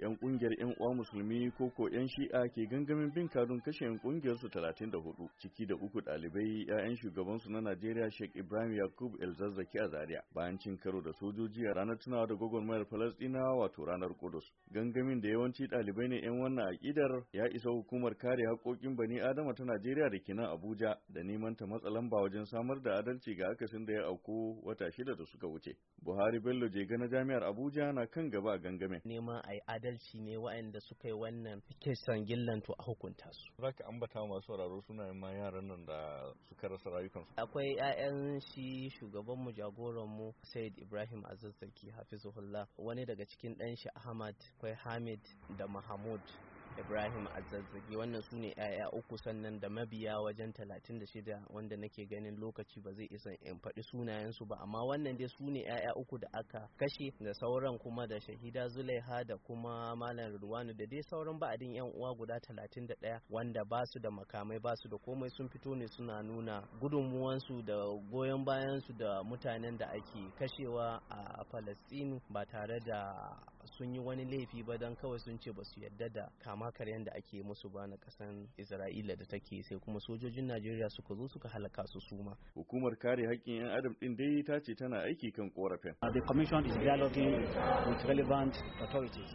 'yan kungiyar 'yan uwa musulmi ko ko 'yan shi'a ke gangamin bin kadun kashe 'yan kungiyar su 34 ciki da uku ɗalibai 'ya'yan shugabansu na Najeriya Sheikh Ibrahim Yakub El Zazzaki a Zaria bayan cin karo da sojoji a ranar tunawa da mayar Falasɗinawa wato ranar Kudus. Gangamin da yawanci ɗalibai ne 'yan wannan akidar ya isa hukumar kare haƙoƙin bani Adama ta Najeriya da ke nan Abuja da neman ta matsa lamba wajen samar da adalci ga akasin da ya auku wata shida da suka wuce. Buhari Bello Jega na Jami'ar Abuja na kan gaba gangamin. Neman a yi adalci ne wa'anda suka yi wannan kisan gillan to a hukunta su. Za ka ambata masu wararo suna ma yaran nan da suka rasa rayukansu. Akwai 'ya'yan shi shugaban mu jagoran mu Said Ibrahim Azazzaki Hafizullah wani daga cikin ɗan shi Ahmad akwai Hamid da Mahmud ibrahim azzazzagi wannan su ne 'ya'ya uku sannan da mabiya wajen shida wanda nake ganin lokaci ba zai isa in faɗi sunayensu ba amma wannan dai su ne 'ya'ya uku da aka kashe da sauran kuma da shahida zulaiha da kuma malam ruwanu da dai sauran ba'adin 'yan uwa guda ɗaya wanda ba su da makamai ba su da komai sun fito ne suna nuna gudunmuwansu da goyon bayansu da mutanen da ake kashewa a falastinu ba tare da sun yi wani laifi ba don kawai sun ce ba su yadda da kama karyan da ake musu ba na kasan isra'ila da take sai kuma sojojin najeriya suka zo suka halaka su suma hukumar kare haƙƙin 'yan adam ɗin dai ta ce tana aiki kan korafin uh, the commission is dialoguing with relevant authorities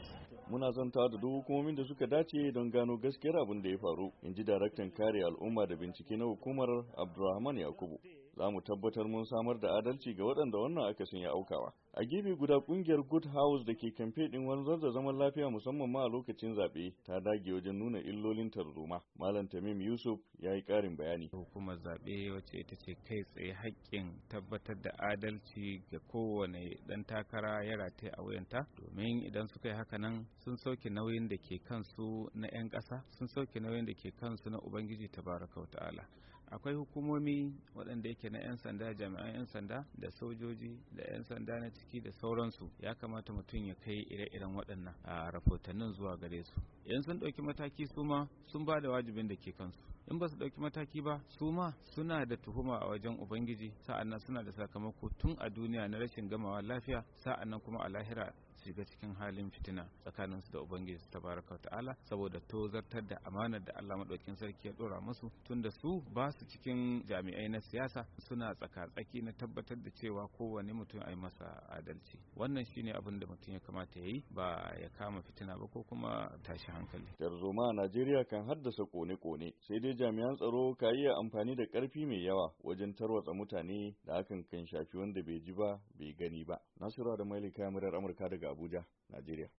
muna zantawa da duk hukumomin da suka dace don gano gaskiyar abin da ya faru in ji daraktan kare al'umma da bincike na hukumar abdulrahman yakubu za mu tabbatar mun samar da adalci ga waɗanda wannan akasin ya aukawa. A gibi guda kungiyar Good House da ke kamfe ɗin wani da zaman lafiya musamman ma a lokacin zaɓe ta dage wajen nuna illolin tarzoma. Malam Tamim Yusuf ya yi ƙarin bayani. Hukumar zaɓe wacce ita ce kai tsaye haƙƙin tabbatar da adalci ga kowane ɗan takara ya rataye a wuyanta domin idan suka yi haka nan sun sauke nauyin da ke kansu na 'yan ƙasa sun sauke nauyin da ke kansu na Ubangiji tabaraka wa ta'ala. akwai hukumomi waɗanda yake na 'yan sanda jami'an 'yan sanda da sojoji da 'yan sanda na ciki da sauransu ya kamata mutum ya kai ire-iren waɗannan a rahotannin zuwa gare su in sun ɗauki mataki su ma sun ba da wajibin da ke kansu in ba su ɗauki mataki ba su ma suna da tuhuma a wajen ubangiji sa'annan suna da sakamako tun a duniya na rashin gamawa lafiya sa'annan kuma a lahira shiga cikin halin fitina tsakanin su da ubangiji su tabaraka ta'ala saboda tozartar da amanar da Allah madaukin sarki ya dora musu tunda su ba su cikin jami'ai na siyasa suna tsakatsaki na tabbatar da cewa kowane mutum a masa adalci wannan shine abin da mutum ya kamata ya yi ba ya kama fitina ba ko kuma tashi hankali tarzoma a Najeriya kan haddasa kone-kone sai dai jami'an tsaro ka iya amfani da karfi mai yawa wajen tarwatsa mutane da hakan kan shafi wanda bai ji ba bai gani ba Nasiru da Mailika murar Amurka daga Abuja, Najeriya.